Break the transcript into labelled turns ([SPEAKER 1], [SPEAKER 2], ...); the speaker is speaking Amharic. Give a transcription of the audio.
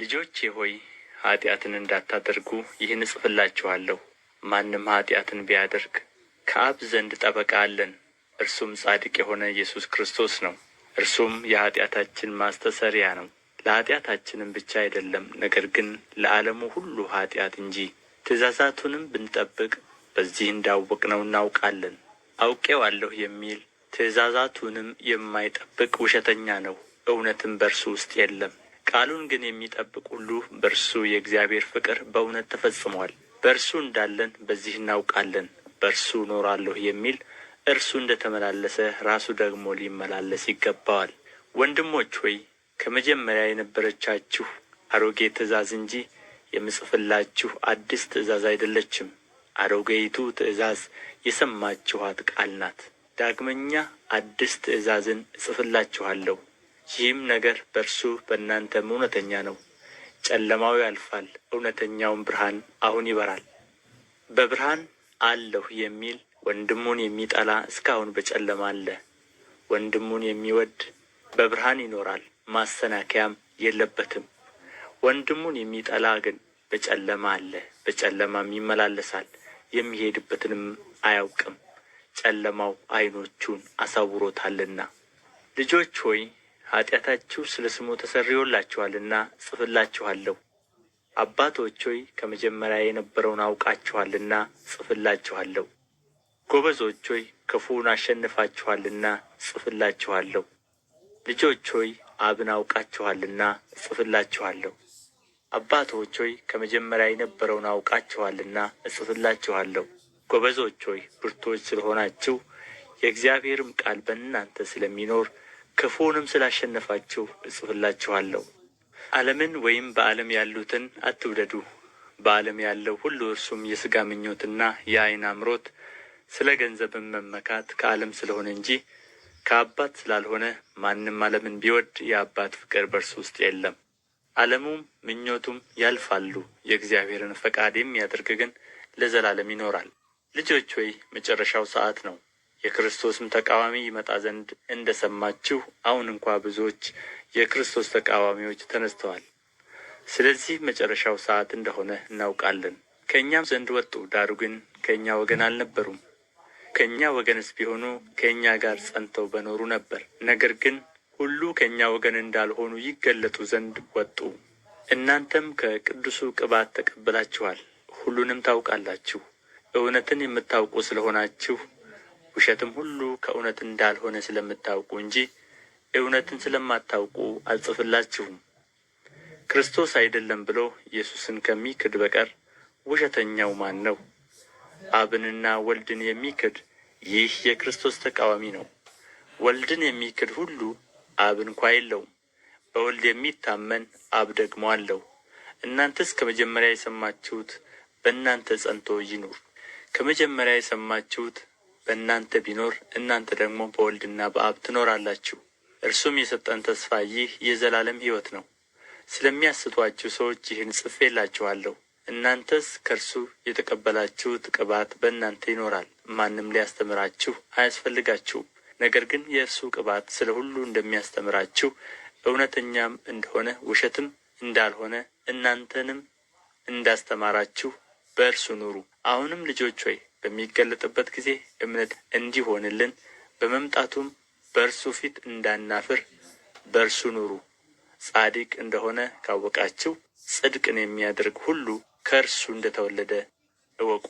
[SPEAKER 1] ልጆቼ ሆይ ኃጢአትን እንዳታደርጉ ይህን እጽፍላችኋለሁ። ማንም ኃጢአትን ቢያደርግ ከአብ ዘንድ ጠበቃ አለን፣ እርሱም ጻድቅ የሆነ ኢየሱስ ክርስቶስ ነው። እርሱም የኃጢአታችን ማስተሰሪያ ነው። ለኃጢአታችንም ብቻ አይደለም፣ ነገር ግን ለዓለሙ ሁሉ ኃጢአት እንጂ። ትእዛዛቱንም ብንጠብቅ በዚህ እንዳወቅነው እናውቃለን። አውቄዋለሁ የሚል ትእዛዛቱንም የማይጠብቅ ውሸተኛ ነው፣ እውነትም በእርሱ ውስጥ የለም። ቃሉን ግን የሚጠብቅ ሁሉ በእርሱ የእግዚአብሔር ፍቅር በእውነት ተፈጽሟል። በእርሱ እንዳለን በዚህ እናውቃለን። በእርሱ እኖራለሁ የሚል እርሱ እንደ ተመላለሰ ራሱ ደግሞ ሊመላለስ ይገባዋል። ወንድሞች ሆይ ከመጀመሪያ የነበረቻችሁ አሮጌ ትእዛዝ እንጂ የምጽፍላችሁ አዲስ ትእዛዝ አይደለችም። አሮጌይቱ ትእዛዝ የሰማችኋት ቃል ናት። ዳግመኛ አዲስ ትእዛዝን እጽፍላችኋለሁ ይህም ነገር በእርሱ በእናንተም እውነተኛ ነው። ጨለማው ያልፋል፣ እውነተኛውም ብርሃን አሁን ይበራል። በብርሃን አለሁ የሚል ወንድሙን የሚጠላ እስካሁን በጨለማ አለ። ወንድሙን የሚወድ በብርሃን ይኖራል፣ ማሰናከያም የለበትም። ወንድሙን የሚጠላ ግን በጨለማ አለ፣ በጨለማም ይመላለሳል፣ የሚሄድበትንም አያውቅም፤ ጨለማው ዓይኖቹን አሳውሮታልና። ልጆች ሆይ ኃጢአታችሁ ስለ ስሙ ተሰርዮላችኋልና ጽፍላችኋለሁ። አባቶች ሆይ ከመጀመሪያ የነበረውን አውቃችኋልና ጽፍላችኋለሁ። ጎበዞች ሆይ ክፉውን አሸንፋችኋልና ጽፍላችኋለሁ። ልጆች ሆይ አብን አውቃችኋልና እጽፍላችኋለሁ አባቶች ሆይ ከመጀመሪያ የነበረውን አውቃችኋልና እጽፍላችኋለሁ ጎበዞች ሆይ ብርቶች ስለሆናችሁ የእግዚአብሔርም ቃል በእናንተ ስለሚኖር ክፉውንም ስላሸነፋችሁ እጽፍላችኋለሁ። ዓለምን ወይም በዓለም ያሉትን አትውደዱ። በዓለም ያለው ሁሉ እርሱም የሥጋ ምኞትና የዓይን አምሮት፣ ስለ ገንዘብም መመካት ከዓለም ስለሆነ እንጂ ከአባት ስላልሆነ ማንም ዓለምን ቢወድ የአባት ፍቅር በእርሱ ውስጥ የለም። ዓለሙም ምኞቱም ያልፋሉ። የእግዚአብሔርን ፈቃድ የሚያደርግ ግን ለዘላለም ይኖራል። ልጆች ሆይ መጨረሻው ሰዓት ነው። የክርስቶስም ተቃዋሚ ይመጣ ዘንድ እንደ ሰማችሁ አሁን እንኳ ብዙዎች የክርስቶስ ተቃዋሚዎች ተነስተዋል። ስለዚህ መጨረሻው ሰዓት እንደሆነ እናውቃለን። ከእኛም ዘንድ ወጡ፣ ዳሩ ግን ከእኛ ወገን አልነበሩም። ከእኛ ወገንስ ቢሆኑ ከእኛ ጋር ጸንተው በኖሩ ነበር። ነገር ግን ሁሉ ከእኛ ወገን እንዳልሆኑ ይገለጡ ዘንድ ወጡ። እናንተም ከቅዱሱ ቅባት ተቀብላችኋል፣ ሁሉንም ታውቃላችሁ። እውነትን የምታውቁ ስለሆናችሁ ውሸትም ሁሉ ከእውነት እንዳልሆነ ስለምታውቁ እንጂ እውነትን ስለማታውቁ አልጽፍላችሁም። ክርስቶስ አይደለም ብሎ ኢየሱስን ከሚክድ በቀር ውሸተኛው ማን ነው? አብንና ወልድን የሚክድ ይህ የክርስቶስ ተቃዋሚ ነው። ወልድን የሚክድ ሁሉ አብ እንኳ የለውም። በወልድ የሚታመን አብ ደግሞ አለው። እናንተስ ከመጀመሪያ የሰማችሁት በእናንተ ጸንቶ ይኑር። ከመጀመሪያ የሰማችሁት በእናንተ ቢኖር እናንተ ደግሞ በወልድና በአብ ትኖራላችሁ። እርሱም የሰጠን ተስፋ ይህ የዘላለም ሕይወት ነው። ስለሚያስቷችሁ ሰዎች ይህን ጽፌላችኋለሁ። እናንተስ ከእርሱ የተቀበላችሁት ቅባት በእናንተ ይኖራል፣ ማንም ሊያስተምራችሁ አያስፈልጋችሁም። ነገር ግን የእርሱ ቅባት ስለ ሁሉ እንደሚያስተምራችሁ እውነተኛም እንደሆነ ውሸትም እንዳልሆነ እናንተንም እንዳስተማራችሁ በእርሱ ኑሩ። አሁንም ልጆች ሆይ በሚገለጥበት ጊዜ እምነት እንዲሆንልን በመምጣቱም በእርሱ ፊት እንዳናፍር በእርሱ ኑሩ። ጻድቅ እንደሆነ ካወቃችሁ ጽድቅን የሚያደርግ ሁሉ ከእርሱ እንደተወለደ እወቁ።